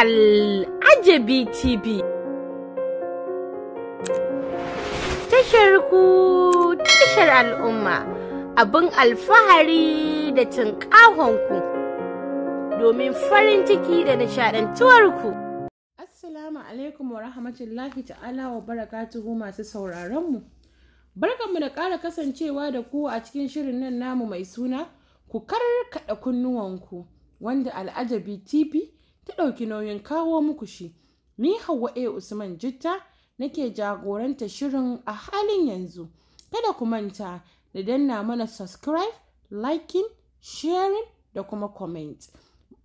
Al'ajabi TV. Tashar ku tashar al'umma abin alfahari da ku domin farin ciki da ku Assalamu alaikum wa rahmatullahi ta'ala wa barakatuhu masu sauraronmu. Barkanmu da ƙara kasancewa da ku a cikin shirin nan namu mai suna ku karkaɗa kunnuwanku wanda al'ajabi TV ta ɗauki nauyin kawo muku shi. Ni Hauwa A. Usman Jitta nake jagoranta shirin a halin yanzu. Kada ku manta da danna mana subscribe, liking, sharing da kuma comment.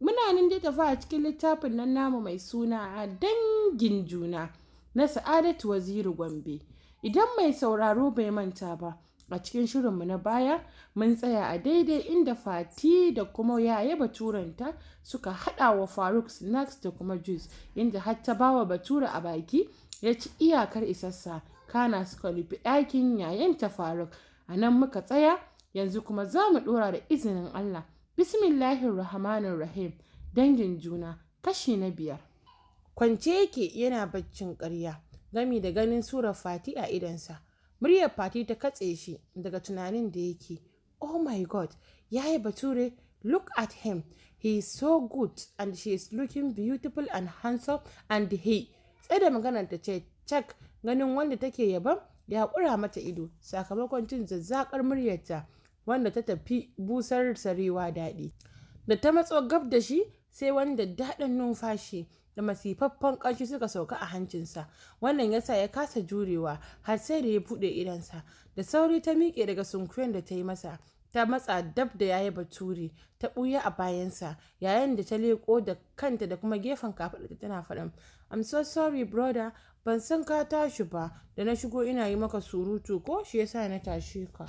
Muna nan da tafi a cikin littafin nan namu mai suna a dangin juna na Sa'adatu Waziri Gombe. Idan mai sauraro bai manta ba, A cikin shirinmu na baya, mun tsaya a daidai inda Fati da kuma Yaya Baturanta suka haɗa wa Faruk snacks da kuma juice, inda har ta bawa Bature a baki ya ci iyakar isassa, kana suka nufi ɗakin ta Faruk. A nan muka tsaya, yanzu kuma za mu ɗora da izinin Allah. Bismillahir Rahmanir Rahim. dangin juna, kashi na biyar. Kwance yake yana baccin ƙarya, gami da ganin surar Fati a idonsa. muryar fati ta katse shi daga tunanin da yake oh my god ya yi bature look at him he is so good and she is looking beautiful and handsome and he tsaye da maganar ta ce cak ganin wanda take yabon ya kura mata ido sakamakon cin zazzakar muryarta wanda ta tafi busar sarewa daɗi da ta matso gab da shi sai wanda daɗin numfashi da masifaffen ƙanshi suka sauka a hancinsa wannan yasa ya kasa jurewa har sai da ya buɗe idansa da sauri ta miƙe daga sunkuyen da ta yi masa ta matsa dab da yayi baturi ta ɓuya a bayansa yayin da ta leƙo da kanta da kuma gefen kafaɗa tana faɗin I'm so sorry brother ban san ka tashi ba da na shigo ina yi maka surutu ko shi yasa na tashi ka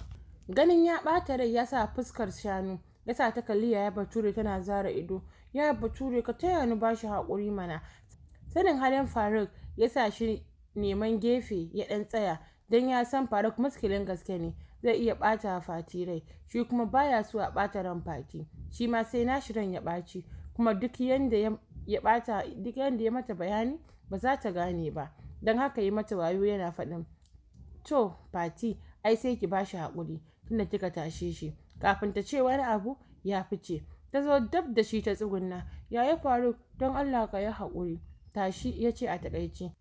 ganin ya ɓata rai ya sa fuskar shanu ya sa ta kalli yaya bature tana zara ido ya bature ka taya ni bashi haƙuri mana sanin halin faruk ya sa shi neman gefe ya ɗan tsaya don ya san faruk maskilin gaske ne zai iya ɓata fati rai shi kuma baya so a ɓata ran fati shi ma sai nashi ran ya ɓaci kuma duk yanda ya ya mata bayani ba za ta gane ba don haka yi mata wayo yana faɗin to fati ai sai ki bashi haƙuri tunda kika tashe shi kafin ta ce wani abu ya fice ta zo dab da shi ta tsugunna Ya yi faru don allah ka ya haƙuri tashi ya ce a taƙaice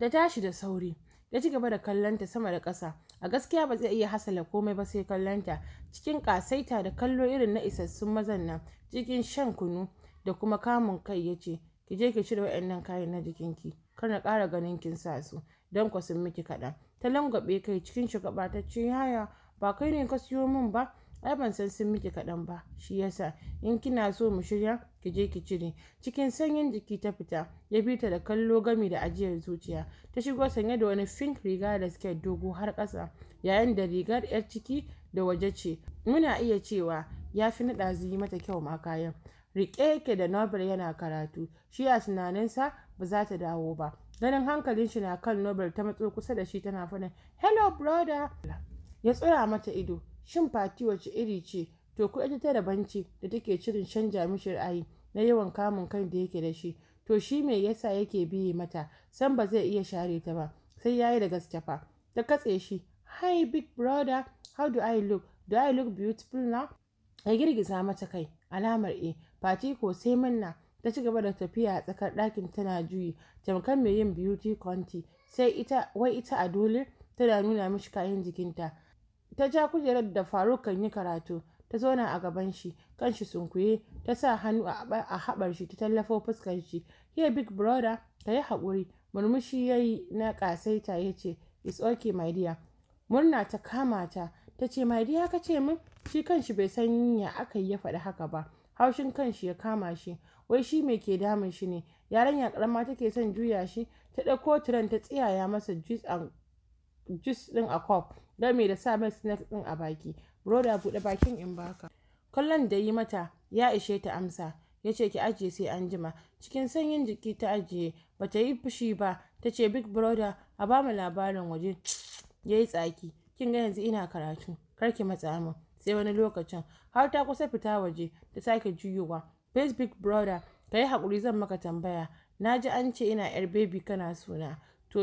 ta tashi da sauri ya ci gaba da kallonta sama da ƙasa a gaskiya ba zai iya hasala komai ba sai kallonta cikin ƙasaita da kallo irin na isassun mazan nan cikin shan kunu da kuma kamun kai ya ce ki je ki cire waɗannan kayan na jikinki kar na ƙara ganin kin sa su don kwasun sun miki kaɗan ta langwaɓe kai cikin shugaba ta ce yaya ba kai ne ka siyo min ba ai ban san sun miki kaɗan ba shi yasa in kina so mu shirya ki je ki cire cikin sanyin jiki ta fita ya bi ta da kallo gami da ajiyar zuciya ta shigo sanye da wani fink, riga da siket dogo har ƙasa yayin da rigar yar ciki da waje ce muna iya cewa ya fi naɗa yi mata kyau ma kayan riƙe yake da nobel yana karatu shi a tunaninsa ba za ta dawo ba ganin hankalin shi na kan nobel ta matso kusa da shi tana faɗin hello brother ya tsura mata ido shin fati wace iri ce to kuɗa ta daban banci da take cirin canja mishi ra'ayi na yawan kamun kan da yake da shi to shi me yasa yake biye mata san ba zai iya share ta ba sai yayi da gaske fa ta katse shi hi big brother how do i look do i look beautiful na ya girgiza mata kai alamar e fati ko sai manna ta ci gaba da tafiya a tsakar ɗakin tana juyi tamkar mai yin beauty conti sai ita wai ita a dole tana nuna mishi kayan jikinta ta ja kujerar da faruk kan yi karatu ta zauna a gaban shi kanshi sunkuye ta sa hannu a haɓar shi ta tallafo fuskar shi here big brother ta yi haƙuri murmushi ya yi na ƙasaita ya ce it's okay my dear murna ta kama ta ta ce my dear ka ce min shi kanshi bai san ya aka yi ya faɗi haka ba haushin kanshi ya kama shi wai shi me ke damun shi ne ya karama take son juya shi ta ɗauko turan ta tsayaya masa juice ɗin a cup me da sa mai snack ɗin a baki broda buɗe bakin in baka kallon da yi mata ya ishe ta amsa ya ce ki ajiye sai an jima cikin sanyin jiki ta ajiye ba ta yi fushi ba ta ce big brother a bamu labarin waje ya yi tsaki kin ga yanzu ina karatu kar ki matsa min sai wani lokacin har ta kusa fita waje ta sake juyowa face big brother ka yi hakuri zan maka tambaya na ji an ce ina yar baby kana suna to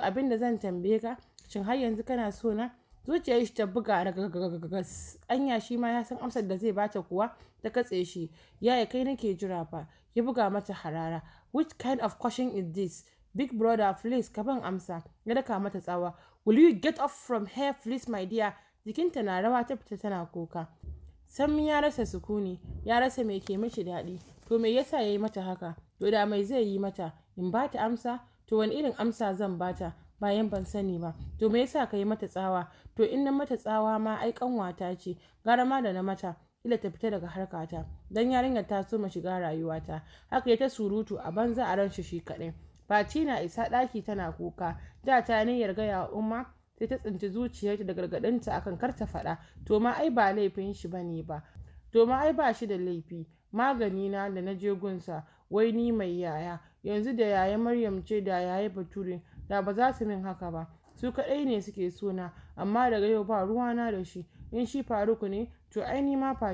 abin da zan tambaye ka shin har yanzu kana so na zuciyar shi ta buga ragagagas anya shi ma ya san amsar da zai bata kuwa ta katse shi ya yaya kai nake jira fa ya buga mata harara which kind of question is this big brother please ka ban amsa ya daka mata tsawa will you get off from here please my dear jikinta na rawa ta fita tana kuka sammi ya rasa sukuni ya rasa mai ke mishi daɗi to me yasa ya yi mata haka to da mai zai yi mata in ba ta amsa to wani irin amsa zan bata bayan ban sani ba to me yasa ka yi mata tsawa to in na mata tsawa ma ai kanwata ce garama da na mata ila ta fita daga harkata dan yarinya ta so ma shiga rayuwata haka ya ta surutu a banza a ran shi shi kadai baci na isa daki tana kuka da ta ne yarga ya umma sai ta tsinci zuciyarta da gargaɗinta akan karta ta faɗa to ma ai ba laifin shi bane ba to ma ai ba shi da laifi magani na da na je gunsa wai ni mai yaya yanzu da yaya maryam ce da yaya bature da ba za su min haka ba su kaɗai ne suke suna amma daga yau ba ruwana da shi in shi faruku ne to ai ni ma fa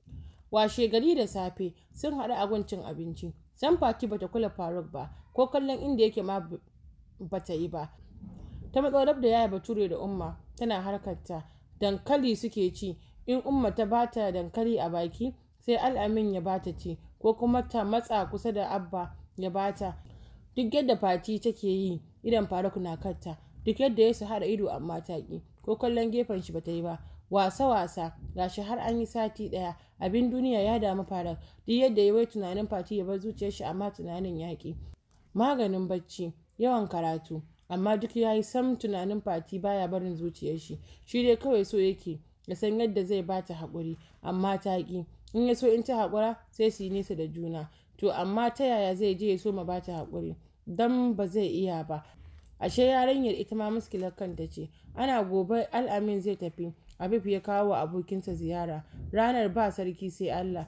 washe gari da safe sun haɗu a cin abinci san fati bata kula faruk ba ko kallon inda yake ma bata yi ba ta matsalar da yaya bature da umma tana harkarta dankali suke ci in umma ta bata dankali a baki sai al'amin ya bata ci ko kuma ta matsa kusa da abba ya bata duk yadda fati take yi idan faruk na katta duk yadda ya su hada ido amma ta ko kallon gefen shi bata yi ba wasa wasa gashi har an yi sati daya abin duniya ya damu fara duk yadda ya wai tunanin fati ya bar zuciyar shi amma tunanin yaƙi maganin bacci yawan karatu amma duk ya yi sam tunanin fati baya barin zuciyar shi shi dai kawai so yake ya san yadda zai bata haƙuri amma ta ki in ya so in ta haƙura sai su yi nesa da juna to amma ta yaya zai je ya so ma bata haƙuri don ba zai iya ba ashe yarinyar ita ma muskilar kanta ce ana gobe al'amin zai tafi abif ya kawo wa abokinsa ziyara ranar ba sarki sai allah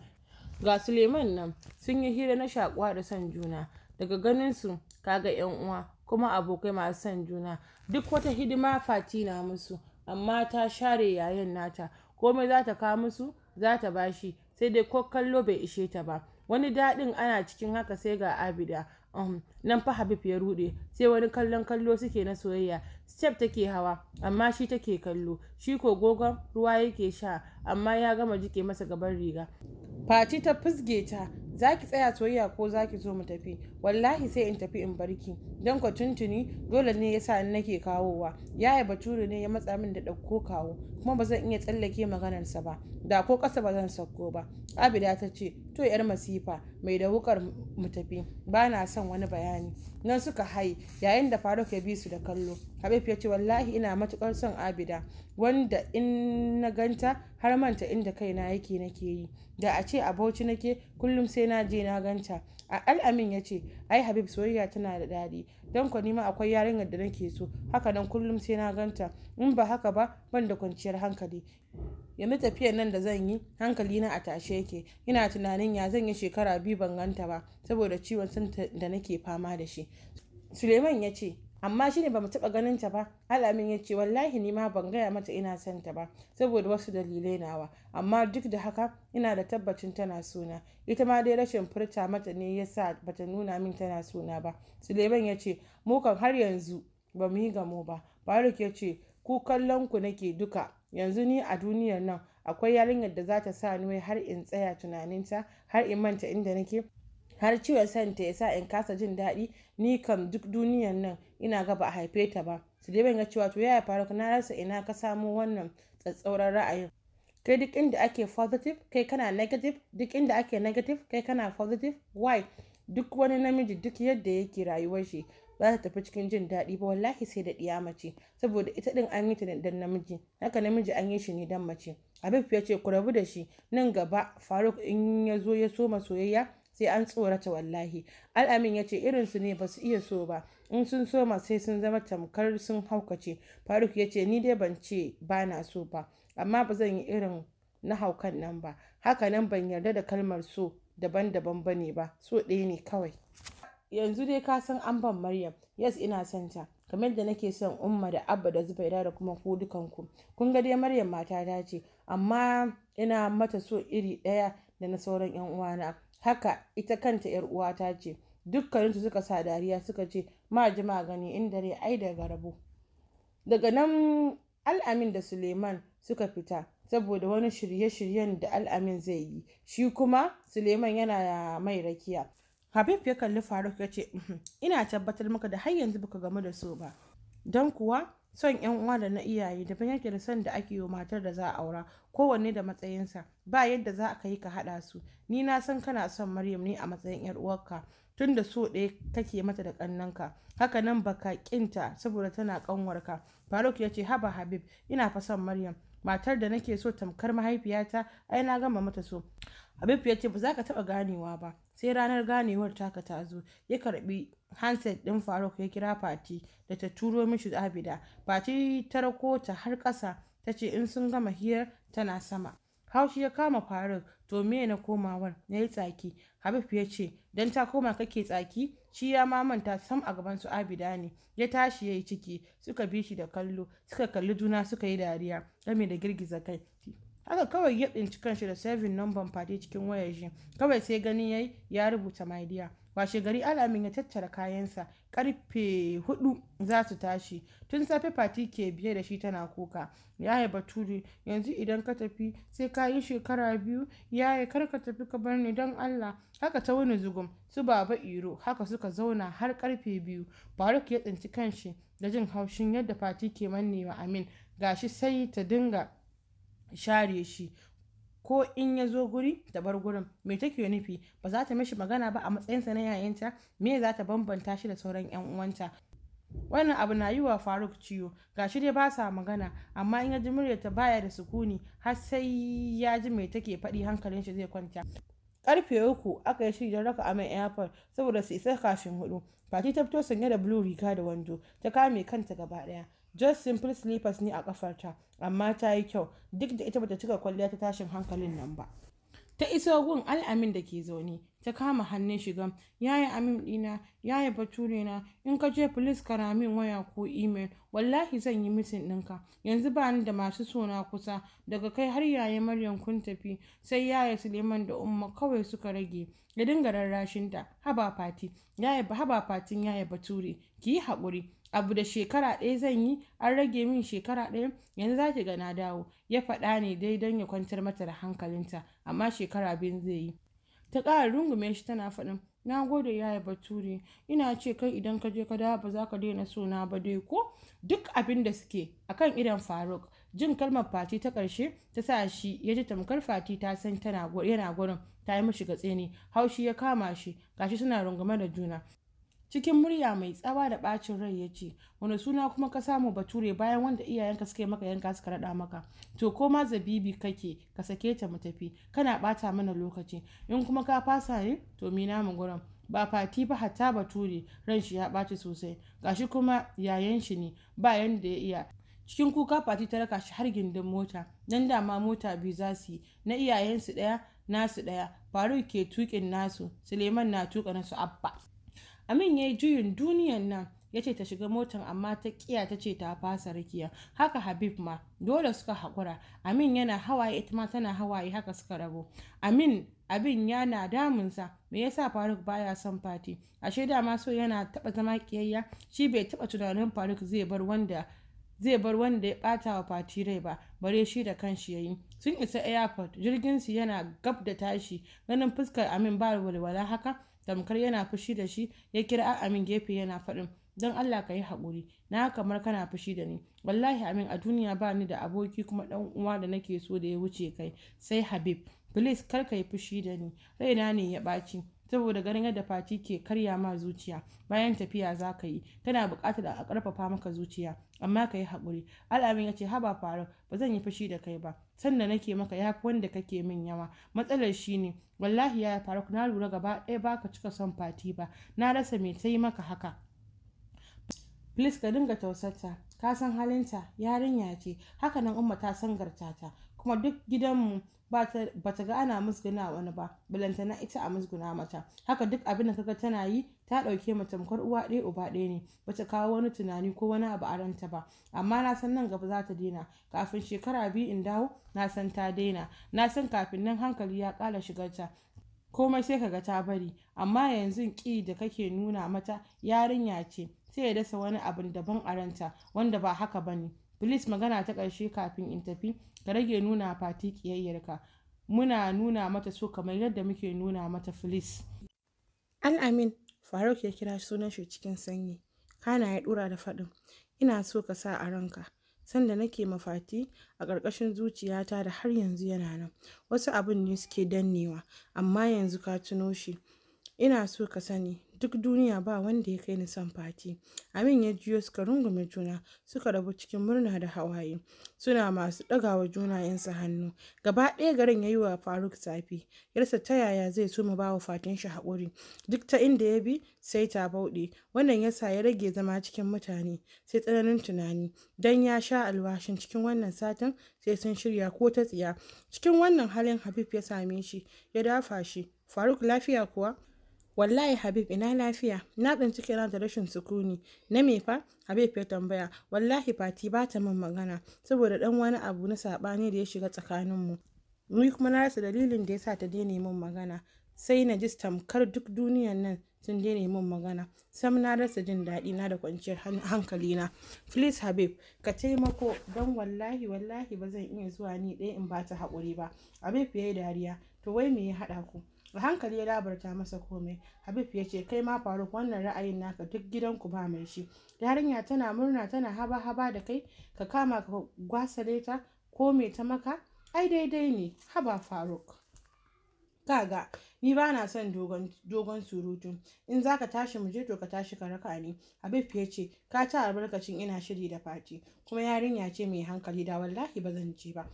ga suleiman nan sun yi hira na shakuwa da son juna daga ganinsu kaga yan uwa kuma abokai masu son juna duk wata hidima fati na musu amma ta share yayin nata komai za ta kawo musu za ta bashi sai dai ko kallo bai ishe ta ba wani daɗin ana cikin haka sai ga abida Um, nan fa habib ya rude sai wani kallon kallo suke na soyayya step take hawa amma shi take kallo shi ko gogon ruwa yake sha amma ya gama jike masa gaban riga Fati ta fusge ta za tsaya soyayya ko zaki zo mu tafi wallahi sai in tafi in barki don ka tuntuni dole ne yasa sa nake kawowa yaya bature ne ya matsa min da ɗauko kawo kuma ba zan iya tsallake maganarsa ba da ko ƙasa ba zan sauko ba abida ta ce to yar masifa mai da wukar mu tafi ba na son wani bayani nan suka hai yayin da faruk ya bi su da kallo habib ya ce wallahi ina matukar son abida wanda in na ganta har manta inda kaina yake nake yi da a ce a bauchi nake kullum sai na je na ganta al'amin ya ce ai habib soyayya tana da daɗi don ku nima akwai yarinyar da nake so haka nan kullum sai na ganta in ba haka ba ban da kwanciyar hankali yanzu tafiyar nan da zan yi hankali na a tashe yake ina tunanin ya zan yi shekara biyu ban ganta ba saboda ciwon sun da nake fama da shi suleiman ya ce amma shi shine bamu taɓa ganin ta ba alamin ya ce wallahi ni ma ban gaya mata ina son ta ba saboda wasu dalilai nawa amma duk da haka ina da tabbacin tana suna ita ma dai rashin furta mata ne yasa bata nuna min tana suna ba suleiman ya ce mu kan har yanzu ba mu yi gamo ba faruk ya ce ku kallon ku nake duka yanzu ni a duniyar nan akwai yarinyar da za ta sa ni har in tsaya tunaninta har in manta inda nake har ciwon santa ya sa in kasa jin daɗi ni kam duk duniyan nan ina ga ba a haife ta ba su dai ga cewa to yaya faruk na rasa ina ka samo wannan tsatsauran ra'ayin kai duk inda ake positive kai kana negative duk inda ake negative kai kana positive why duk wani namiji duk yadda yake rayuwar shi ba ta tafi cikin jin daɗi ba wallahi sai da ɗiya mace saboda ita ɗin an yi ta dan namiji haka namiji an yi shi ne dan mace abin ya ce ku rabu da shi nan gaba faruk in ya zo ya soma soyayya sai an tsorata wallahi al'amin ya ce irinsu ne ba su iya so ba in sun soma sai sun zama tamkar sun haukace faruk ya ce ni dai ban ce ba na so ba amma ba zan yi irin na haukan nan ba haka nan ban yarda da kalmar so daban-daban ba ne ba so ɗaya ne kawai yanzu dai ka san an ban maryam yes ina son ta kamar da nake son umma da abba da zubaira da kuma ku dukanku kun ga dai maryam ta ce amma ina mata so iri ɗaya da na sauran yan uwana haka ita kanta ‘yar uwata ce dukkaninsu suka sa dariya suka ce ma ma gani in dare ai daga rabo daga nan al'amin da suleiman suka fita saboda wani shirye-shiryen da al'amin zai yi shi kuma suleiman yana mai rakiya habib ya kalli faruk ya ce uhm, ina tabbatar maka da har yanzu baka gamu da su ba don kuwa son yan uwa da na iyaye daban yake da son da ake yi matar da za a aura kowanne da matsayinsa ba yadda za ka yi ka haɗa su ni na san kana son maryam ne a matsayin yar uwarka tun da so ɗaya kake mata da ƙannanka haka nan baka ƙinta saboda tana ƙanwarka faruk ya ce haba habib ina fa son maryam matar da nake so tamkar mahaifiyata ai na gama mata so habib ya ce ba za ka taɓa ganewa ba sai ranar ganewar taka ta zo ya karɓi handset ɗin faruk ya kira fati da ta turo mishi abida fati ta rako ta har ƙasa ta ce in sun gama hirar tana sama haushi ya kama faruk to me na komawar na yi tsaki habib ya ce don ta koma kake tsaki shi ya mamanta sam a gaban su abida ne ya tashi ya yi ciki suka bi shi da kallo suka kalli juna suka yi dariya game da girgiza kai haka kawai ya tsinci kanshi da saving number fati cikin wayar shi kawai sai ganin yayi ya rubuta my dear washe gari alamin ya tattara kayansa karfe hudu za su tashi tun safe fati ke biye da shi tana kuka yaya baturi yanzu idan ka tafi sai ka yi shekara biyu yaya kar ka tafi ka bar ni don allah haka ta wani zugum su baba iro haka suka zauna har karfe biyu baruk ya tsinci kanshi da jin haushin yadda fati ke mannewa amin gashi sai ta dinga share shi ko in ya zo guri ta bar gurin me take nufi ba za ta mishi magana ba a matsayinsa na yayanta me za ta bambanta shi da sauran yan uwanta wannan abu na yi wa faruk ciwo ga shi dai ba sa magana amma in ya ji muryarta baya da sukuni har sai ya ji me take faɗi hankalin shi zai kwanta karfe uku aka yi shiri don raka amin airport saboda su isa kafin hudu fati ta fito sanye da blue riga da wando ta kame kanta gaba daya Just simple slippers ne a kafarta, amma ta yi kyau, duk da ita bata cika kwalliya ta tashin hankalin nan ba. Ta iso gun al'amin da ke zaune, ta kama hannun shigan, yaya amin ɗina, yaya bature na, in ka je filis kara min waya ko imel, wallahi zan yi mitin ɗinka, yanzu ba ni da masu sona kusa, daga kai har yaya Maryam kun tafi, sai yaya Suleiman da Umma kawai suka rage, ya dinga rarrashinta, haba fati, yaya haba fatin yaya bature, ki yi haƙuri, abu da shekara ɗaya zan yi an rage min shekara ɗaya yanzu za ki ga na dawo ya faɗa ne dai don ya kwantar mata da hankalinta amma shekara biyu zai yi ta ƙara rungume shi tana faɗin na gode yaya bature ina ce kai idan ka je ka dawo ba za ka daina suna ba dai ko duk abin da suke kan idan faruk jin kalmar fati ta ƙarshe ta sa shi ya ji tamkar fati ta san yana gurin ta yi mashi gatse ne haushi ya kama shi gashi suna rungume da juna cikin murya mai tsawa da bacin rai ya ce wani suna kuma ka samu bature bayan wanda iyayenka suka yi maka yanka suka raɗa maka to ko ma zabibi kake ka sake ta mu tafi kana ɓata mana lokaci in kuma ka fasa ne to mi mu gurin ba fati ba hatta bature ran shi ya ɓaci sosai gashi kuma yayan shi ne ba yanda ya iya cikin kuka fati ta raka shi har gindin mota nan da ma mota biyu za su yi na iyayensu ɗaya nasu ɗaya Faru ke tuƙin nasu suleiman na tuƙa nasu abba Amin ya yi juyin duniyan nan ya ce ta shiga motar amma ta kiya ta ce ta fasa rakiya haka habib ma dole suka haƙura amin yana hawaye ita ma tana hawaye haka suka rabo amin abin yana damunsa me yasa faruk baya son fati ashe dama so yana taɓa zama kiyayya shi bai taɓa tunanin faruk zai bar wanda ya ɓata wa fati rai ba bare shi da kanshi yayi sun isa airport su yana gab da tashi ganin fuskar amin ba walwala haka tamkar yana fushi da shi ya kira amin gefe yana faɗin don Allah ka yi haƙuri na kamar kana fushi da ni wallahi amin a duniya ba ni da aboki kuma ɗan uwa da nake so da ya wuce kai sai habib please kar ka yi fushi da ni raina ne ya ɓaci saboda ganin yadda fati ke karya ma zuciya bayan tafiya za ka yi tana buƙatar a ƙarfafa maka zuciya amma ka yi haƙuri al'amin ya ce haba faru ba zan yi fushi da kai ba sannan nake maka ya wanda kake min yawa matsalar shi ne wallahi ya faru na lura gaba ɗaya ba ka cika son fati ba na rasa me ta yi maka haka please ka dinga tausarta ka san halinta yarinya ce hakanan umma ta san ta kuma duk gidanmu ba ta ga ana musguna wani ba na ita a musguna mata haka duk abin da kaga tana yi ta ɗauke mata mukar uwa ɗaya uba ɗaya ne bata kawo wani tunani ko wani abu a ranta ba amma na san nan gaba za ta daina kafin shekara biyu in dawo na san ta daina na san kafin nan hankali ya ƙara ta komai sai kaga ta bari amma yanzu ki da kake nuna mata yarinya ce sai ya dasa wani abin daban a ranta wanda ba haka bane Bilis magana ta ƙarshe kafin in tafi ka rage nuna fati ƙiyayyarka muna nuna mata so kamar yadda muke nuna mata filis al'amin faruk ya kira sunan shi cikin sanyi kana ya dura da faɗin ina so ka sa a ranka sanda nake mafati a ƙarƙashin zuciyata da har yanzu yana nan wasu abin ne suke dannewa amma yanzu ka tuno shi ina so ka sani duk duniya ba wanda ya kai ni son fati amin ya jiyo suka rungume juna suka rabu cikin murna da hawaye suna masu ɗagawa juna yansa hannu gaba ɗaya garin ya yi wa faruk zafi yarsa ta yaya zai so mu bawa fatin shi haƙuri duk ta inda ya bi sai ta bauɗe wannan ya sa ya rage zama cikin mutane sai tsananin tunani dan ya sha alwashin cikin wannan satin sai sun shirya ko ta tsiya cikin wannan halin habib ya same shi ya dafa shi faruk lafiya kuwa wallahi habib ina lafiya na tsinci kira da rashin sukuni na me fa habib ya tambaya wallahi fati ba ta min magana saboda dan wani abu na sabani da ya shiga tsakanin mu ni kuma na rasa dalilin da ya sa ta daina min magana sai na ji tamkar duk duniyan nan sun daina min magana sam na rasa jin daɗi na da kwanciyar hankali na please habib ka taimako dan wallahi wallahi ba zan iya zuwa ni ɗaya in ba ta haƙuri ba habib ya yi dariya to wai me ya haɗa ku Ba hankali ya labarta masa komai habib ya ce kai ma faruk wannan ra'ayin naka duk gidan ku ba mai shi yarinya tana murna tana haba haba da kai ka kama ka gwasale ta ko me ta maka ai daidai ne haba faruk kaga ni ba na son dogon surutu in za ka tashi muje to ka tashi ka raka ni habib ya ce ka ta albarkacin ina shiri da fati kuma yarinya ce mai hankali da wallahi ba zan je ba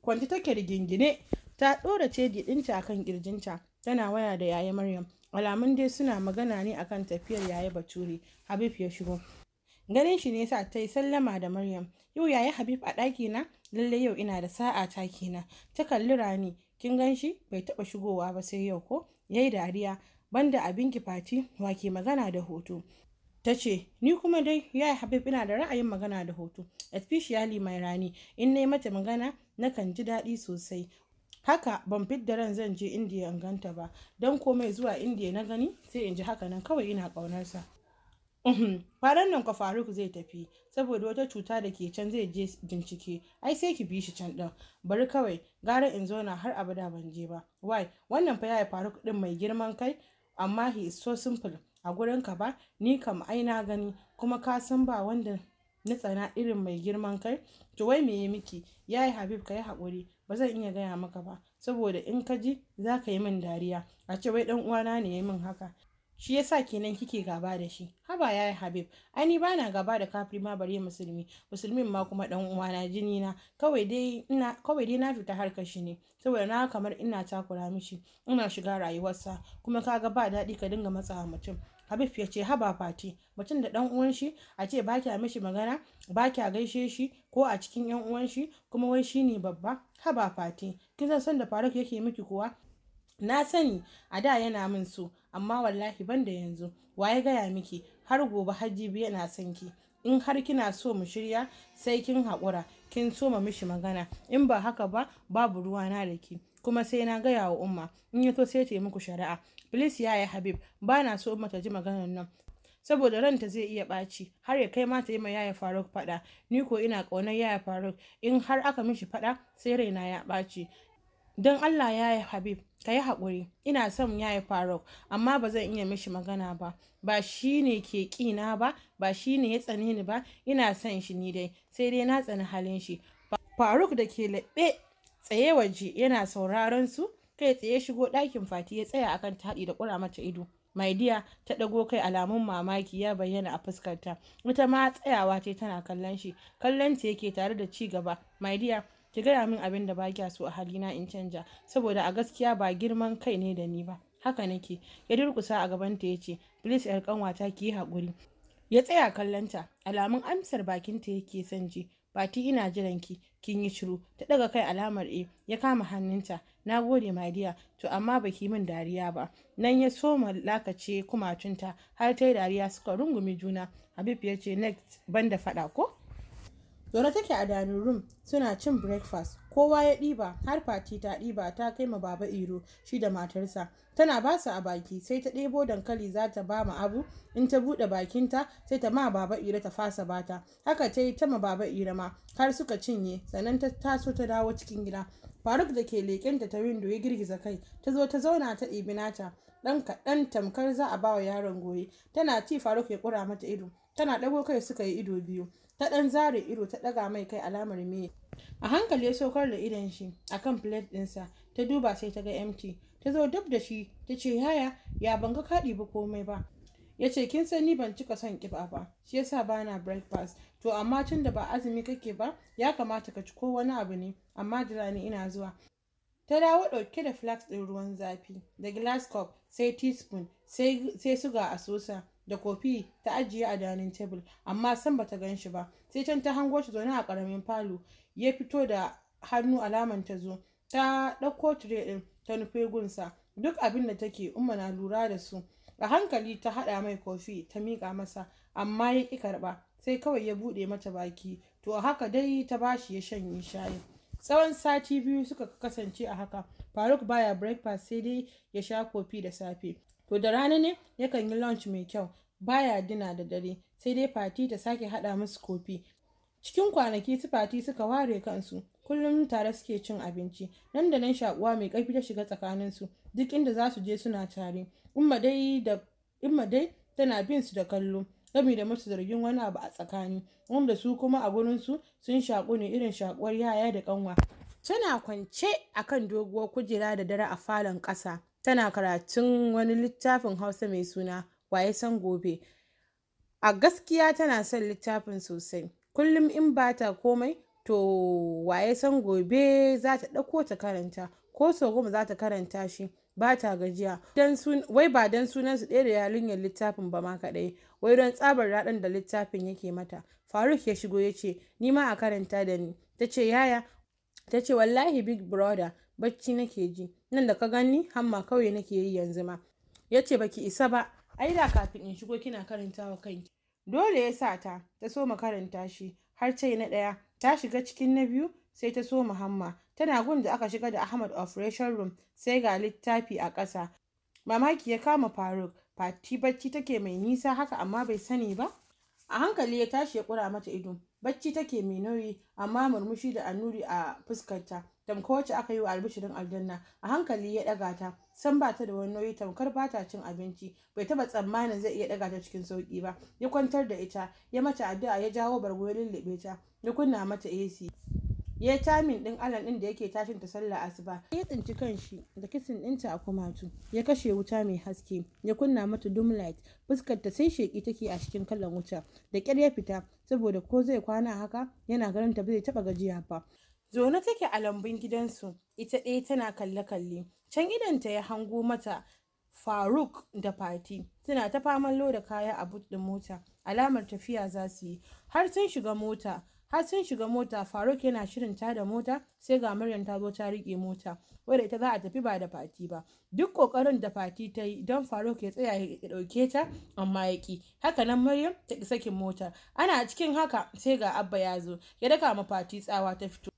kwanti take rigingine ta ɗora cedi ɗinta akan kirjinta tana waya da yaya Maryam. Alamun dai suna magana ne akan tafiyar yaya Bature. Habib ya shigo. Ganin shi ne sa ta yi sallama da Maryam. Yau yaya Habib a ɗaki na? Lalle yau ina da sa'a ta kenan. Ta kalli Rani. Kin gan shi bai taɓa shigowa ba sai yau ko? Yayi dariya. Banda abin kifati wake magana da hoto. ta ce ni kuma dai ya habib ina da ra'ayin magana da hoto especially mai rani in nayi mata magana Nakan ji daɗi sosai haka ban fidda ran zan je indiya in ganta ba don komai zuwa indiya na gani sai in ji haka nan kawai ina ƙaunarsa faran uhm, nan ka faruk zai tafi saboda wata cuta da ke can zai je bincike ai sai ki bi shi can ɗin bari kawai gara in zauna har abada ban je ba wai wannan fa yaya faruk ɗin mai girman kai amma he is so simple a gurin ka ba ni kam ai na gani kuma ka san ba wanda na tsana irin mai girman kai to wai me miki yayi habib ka yi haƙuri ba zan iya gaya maka ba saboda in ka ji za ka yi min dariya a ce wai dan uwana ne ya yi min haka shi yasa kenan kike gaba da shi haba yayi habib ai ni bana gaba da kafiri ma bare musulmi musulmin ma kuma dan uwana jini na kawai dai na fita harkar shi ne saboda na kamar ina takura mishi ina shiga rayuwarsa kuma kaga ba daɗi ka dinga matsawa mutum habib ya ce haba fati mutum da dan uwan shi a ce ba kya mishi magana ba kya gaishe shi ko a cikin yan uwan shi kuma wai shi ne babba haba fati kin san san da faruk yake miki kuwa na sani a da yana min so amma wallahi ban da yanzu waye gaya miki har gobe hajjibi yana son ki in har kina so mu shirya sai kin haƙura kin so mishi magana in ba haka ba babu ruwana da ki kuma sai na gaya wa umma in ya so sai ta muku shari'a ya yi habib ba na so umma ta ji maganar nan saboda ranta zai iya ɓaci har ya kai mata ta yi ma yaya faruk faɗa ni ko ina ƙaunar yaya faruk in har aka mishi faɗa sai raina ya ɓaci don allah ya yi habib ka yi haƙuri ina son yaya faruk amma ba zan iya mishi magana ba ba shi ne ke ƙina ba ba shi ne ya tsani ni ba ina son shi ni dai sai dai na tsani halin shi faruk da ke laɓe tsaye waje yana sauraron su kai tsaye shigo ɗakin fati ya tsaya akan ta haɗi da ƙura mata ido maidiya ta ɗago kai alamun mamaki ya bayyana a fuskarta ita ma tsayawa ce tana kallon shi kallon ta yake tare da ci gaba maidiya ki gaya min abin da ba so a halina in canja saboda a gaskiya ba girman kai ne da ni ba haka nake ya durkusa a gabanta ya ce please yar kanwata ki yi haƙuri ya tsaya kallonta alamun amsar bakinta yake son ji Fati ina jiran ki, kin yi shiru, ta daga kai alamar e, ya kama hannunta, na gode madiya to amma baki min dariya ba. Nan ya soma lakace kumatunta har ta yi dariya suka rungumi juna, Habib ya ce next banda faɗa ko? zaune take a dining room suna cin breakfast kowa ya ɗiba har fati ta ɗiba ta kai ma baba iro shi da matarsa tana ba su a baki sai ta ɗebo dankali za ta ba ma abu in ta buɗe bakinta sai ta ma baba iro ta fasa bata haka ta yi ta ma baba iro ma har suka cinye sannan ta taso ta dawo cikin gida faruk da ke leƙenta ta windo ya girgiza kai ta zo ta zauna ta ɗibi nata ɗan kaɗan tamkar za a ba wa yaron goyi tana ci faruk ya ƙura mata ido tana ɗago kai suka yi ido biyu ta ɗan zare ido ta ɗaga mai kai alamar me a hankali ya saukar da idon shi a kan plate ɗinsa ta duba sai ta ga empty ta zo dab da shi ta ce yaya ya ban ga kaɗi ba komai ba ya ce kin san ni ban cika son kiba ba shi yasa ba na breakfast to amma tun da ba azumi kake ba ya kamata ka ci ko wani abu ne amma da rani ina zuwa ta dawo ɗauke da flax ɗin ruwan zafi da glass cup sai teaspoon sai suga a sosa da kofi ta ajiye a dining table amma san bata gan shi ba sai can ta hango shi zaune a karamin falo ya fito da hannu alaman ta zo ta ɗauko tire ɗin ta nufe gunsa duk abin da take umma na lura da su a hankali ta haɗa mai kofi ta miƙa masa amma ya ƙi karɓa sai kawai ya buɗe mata baki to haka dai ta bashi ya shanye shayi tsawon sati biyu suka kasance a haka faruk baya breakfast sai dai ya sha kofi da safe to da rana ne yakan yi lunch mai kyau baya dina da dare sai dai fati ta sake haɗa musu kofi cikin kwanaki su fati suka ware kansu kullum tare suke cin abinci nan da nan shakuwa mai ƙarfi ta shiga tsakaninsu duk inda za su je suna tare umma dai da umma dai tana bin su da kallo gami da musu zargin wani abu a tsakani wanda su kuma a gurin su sun shaku ne irin shakuwar yaya da kanwa tana kwance a kan doguwar kujera da dare a falon ƙasa tana karatun wani littafin hausa mai suna waye san gobe a gaskiya tana son littafin sosai kullum in ba ta komai to waye san gobe za ta ɗauko ta karanta ko sau goma za ta karanta shi ba ta gajiya wai ba don sunan su ɗaya da yarinyar littafin ba ma kaɗai wai don tsabar raɗin da littafin yake mata faruk ya shigo ya ce ni ma a karanta da ni ta ce yaya ta ce wallahi big brother bacci nake ji nan da ka gani hamma kawai nake yi yanzu ma ya ce baki isa ba ai da kafin in shigo kina karanta wa kanki dole ya sa ta ta so karanta shi har tai na ɗaya ta shiga cikin na biyu sai ta so hamma tana gun da aka shiga da ahmad operation room sai ga littafi a ƙasa mamaki ya kama faruk fati bacci take mai nisa haka amma bai sani ba a hankali ya tashi ya ƙura mata ido bacci take mai nauyi amma murmushi da annuri a fuskarta tamkar wacce aka yi wa albishirin aljanna a hankali ya ɗaga ta san ba ta da wani nauyi tamkar ba ta cin abinci bai taba tsammanin zai iya ɗaga ta cikin sauƙi ba ya kwantar da ita ya mata addu'a ya jawo bargo ya lullube ta ya kunna mata AC ya tamin din alan din da yake tashin ta sallah asuba ya tsinci kanshi da kisin dinta a kumatu ya kashe wuta mai haske ya kunna mata doom light fuskar ta sai sheki take a cikin kallon wuta da kyar ya fita saboda ko zai kwana haka yana ganin ta bai taba gajiya ba Zona take a lambun gidansu ita ɗaya tana kalle kalle can idanta ya hango mata faruk da fati suna ta faman loda kaya a but din mota alamar tafiya za su yi har sun shiga mota har sun shiga mota faruk yana shirin ta da mota sai ga maryam ta zo ta rike mota wadda ita za a tafi ba da fati ba duk kokarin da fati ta yi don faruk ya tsaya ya dauke ta amma ya ki haka nan maryam ta ki sakin mota, ana cikin haka sai ga abba ya zo ya daka ma fati tsawa ta fito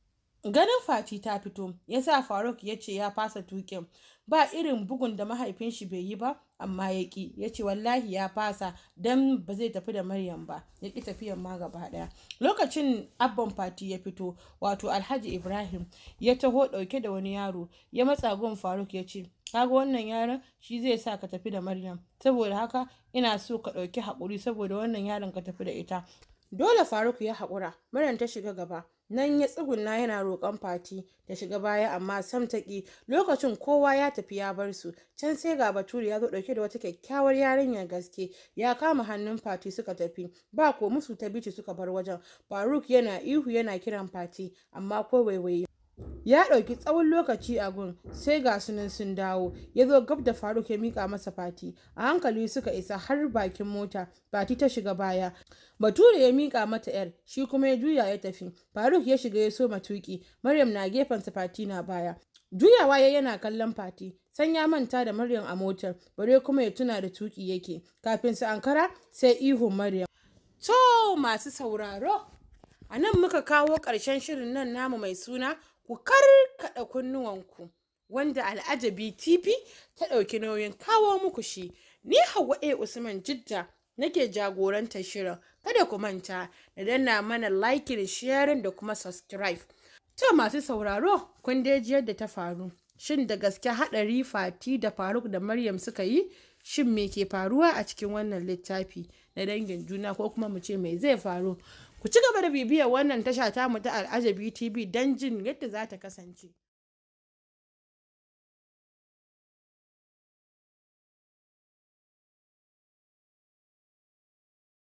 Ganin Fati ta fito, ya sa Faruk ya ce ya fasa tukin. Ba irin bugun da mahaifin shi bai yi ba, amma ya ƙi. Ya ce wallahi ya fasa don ba zai tafi da Maryam ba, ya ƙi tafiyan ma gaba ɗaya. Lokacin abban Fati ya fito, wato Alhaji Ibrahim ya taho ɗauke da wani yaro, ya matsa gun Faruk ya ce, kaga wannan yaron shi zai sa ka tafi da Maryam, saboda haka ina so ka ɗauki haƙuri saboda wannan yaron ka tafi da ita. Dole Faruk ya haƙura, Maryam ta shiga gaba, nan ya tsuguna yana roƙon fati ta shiga baya amma sam ta ƙi lokacin kowa ya tafi ya bar su can sai ga baturi ya zo ɗauke da wata kyakkyawar yarinyar gaske ya kama hannun fati suka tafi ba ko musu ta bici suka bar wajen faruk yana ihu yana kiran fati amma ko waiwaye ya ɗauki tsawon lokaci a gun sai ga sunan sun dawo ya zo gab da faruk ya mika masa fati a hankali suka isa har bakin mota fati ta shiga baya bature ya mika mata yar shi kuma ya juya ya tafi faruk ya shiga ya so matuki maryam na gefen sa fati na baya juyawa ya yana kallon fati san ya manta da maryam a motar bare kuma ya tuna da tuƙi yake kafin su ankara sai ihu maryam to masu sauraro a nan muka kawo ƙarshen shirin nan namu mai suna ku karkaɗa kunnuwanku wanda al'ajabi tv ta ɗauki nauyin kawo muku shi ni hawa a usman jidda nake jagorantar shirin kada ku manta da danna mana likin sharing da kuma subscribe to masu sauraro kun dai yadda ta faru shin da gaske haɗari fati da faruk da maryam suka yi shin me ke faruwa a cikin wannan littafi na dangin juna ko kuma mu ce mai zai faru Ku ci gaba da bibiyar wannan tasha tamu ta Al'ajabi TV don jin yadda za ta kasance.